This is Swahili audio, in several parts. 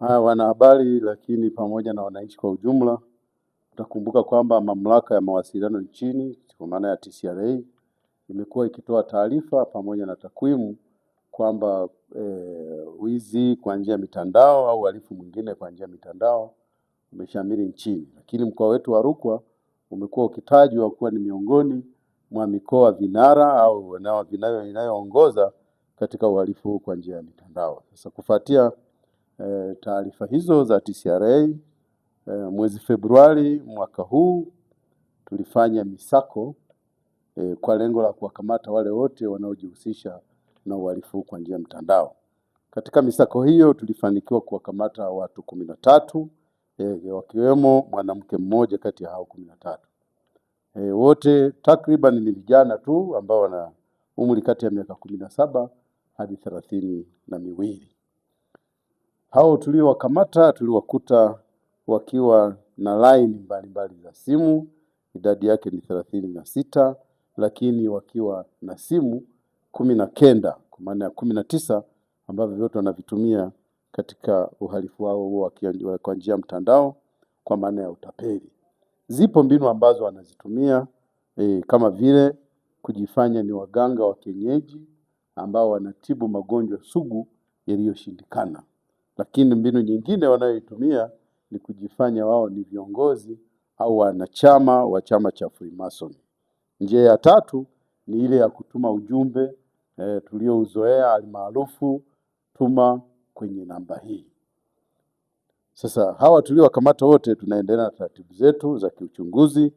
Wanahabari lakini pamoja na wananchi kwa ujumla, utakumbuka kwamba mamlaka ya mawasiliano nchini kwa maana ya TCRA imekuwa ikitoa taarifa pamoja na takwimu kwamba eh, wizi kwa njia ya mitandao au uhalifu mwingine kwa njia ya mitandao umeshamiri nchini, lakini mkoa wetu wa Rukwa umekuwa ukitajwa kuwa ni miongoni mwa mikoa vinara au inayoongoza katika uhalifu kwa njia ya mitandao. Sasa kufuatia e, taarifa hizo za TCRA e, eh, mwezi Februari mwaka huu tulifanya misako e, kwa lengo la kuwakamata wale wote wanaojihusisha na uhalifu kwa njia ya mtandao Katika misako hiyo tulifanikiwa kuwakamata watu kumi na tatu e, wakiwemo mwanamke mmoja kati ya hao kumi na tatu. E, wote takriban ni vijana tu ambao wana umri kati ya miaka kumi na saba hadi thelathini na miwili. Hao tuliowakamata tuliwakuta wakiwa na laini mbalimbali za simu, idadi yake ni thelathini na sita, lakini wakiwa na simu kumi na kenda kwa maana ya kumi na tisa ambavyo vyote wanavitumia katika uhalifu wao huo kwa njia ya mtandao kwa maana ya utapeli. Zipo mbinu ambazo wanazitumia e, kama vile kujifanya ni waganga wa kienyeji ambao wanatibu magonjwa sugu yaliyoshindikana. Lakini mbinu nyingine wanayoitumia ni kujifanya wao ni viongozi au wanachama wa chama cha Freemason. Njia ya tatu ni ile ya kutuma ujumbe e, tuliouzoea almaarufu tuma kwenye namba hii. Sasa hawa tuliowakamata wote, tunaendelea na taratibu zetu za kiuchunguzi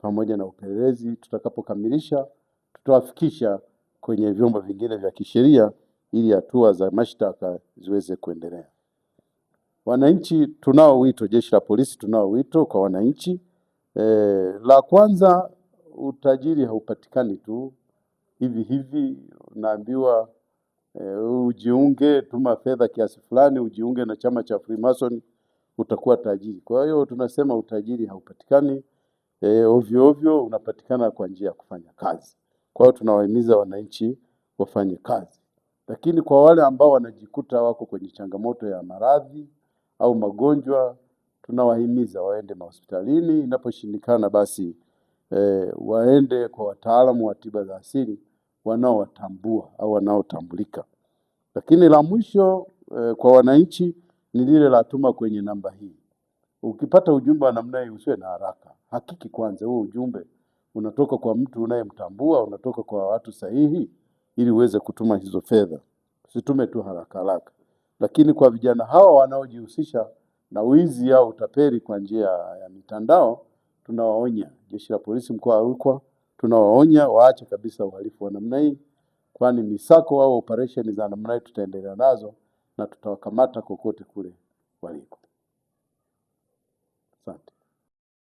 pamoja na upelelezi. Tutakapokamilisha tutawafikisha kwenye vyombo vingine vya kisheria ili hatua za mashtaka ziweze kuendelea. Wananchi tunao wito, jeshi la polisi tunao wito kwa wananchi. E, la kwanza, utajiri haupatikani tu hivi hivi. Unaambiwa e, ujiunge, tuma fedha kiasi fulani, ujiunge na chama cha Freemason utakuwa tajiri. Kwa hiyo tunasema utajiri haupatikani e, ovyo ovyo, unapatikana kwa njia ya kufanya kazi. Kwa hiyo tunawahimiza wananchi wafanye kazi, lakini kwa wale ambao wanajikuta wako kwenye changamoto ya maradhi au magonjwa, tunawahimiza waende mahospitalini, inaposhindikana basi eh, waende kwa wataalamu wa tiba za asili wanaowatambua au wanaotambulika. Lakini la mwisho eh, kwa wananchi ni lile la tuma kwenye namba hii. Ukipata ujumbe wa namna hii usiwe na haraka, hakiki kwanza huo ujumbe unatoka kwa mtu unayemtambua, unatoka kwa watu sahihi, ili uweze kutuma hizo fedha. Usitume tu haraka haraka. Lakini kwa vijana hawa wanaojihusisha na wizi au utapeli kwa njia ya mitandao, tunawaonya. Jeshi la Polisi mkoa wa Rukwa tunawaonya waache kabisa uhalifu wa namna hii, kwani misako au operesheni za namna hii tutaendelea nazo na tutawakamata kokote kule waliko. Asante.